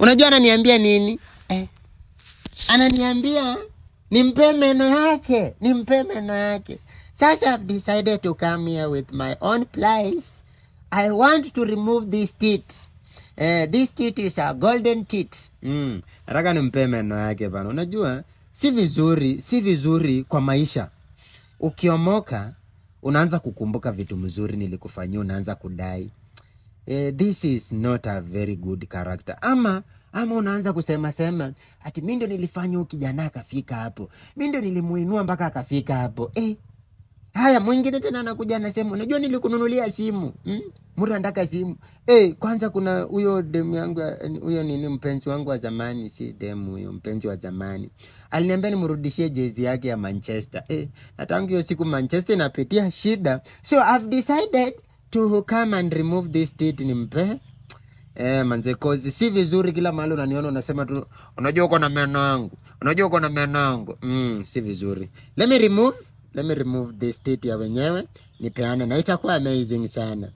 Unajua ananiambia nini eh? Ananiambia nimpe meno yake, nimpe meno yake. Sasa I've decided to come here with my own pliers. I want to remove this teeth. Eh, this teeth is a golden teeth. Mm. Nataka nimpe meno yake bana. Unajua si vizuri, si vizuri kwa maisha. Ukiomoka unaanza kukumbuka vitu mzuri nilikufanyia, unaanza kudai eh, this is not a very good character. Ama ama unaanza kusema sema ati mi ndo nilifanya huyu kijana akafika hapo, mi ndo nilimuinua mpaka akafika hapo eh. Haya, mwingine tena anakuja anasema, unajua nilikununulia simu mm? Mtu anataka simu hey, eh, Kwanza kuna huyo demu yangu, eh, huyo nini, mpenzi wangu wa zamani, si demu huyo, mpenzi wa zamani aliniambia nimrudishie jezi yake ya Manchester hey, eh, na tangu hiyo siku Manchester inapitia shida, so I've decided to come and remove this deed ni mpe Eh, manze kozi si vizuri, kila mahali unaniona unasema tu unajua uko na meno yangu. Unajua uko na meno yangu. Mm, si vizuri. Let me remove, let me remove this deed ya wenyewe nipeane na itakuwa amazing sana.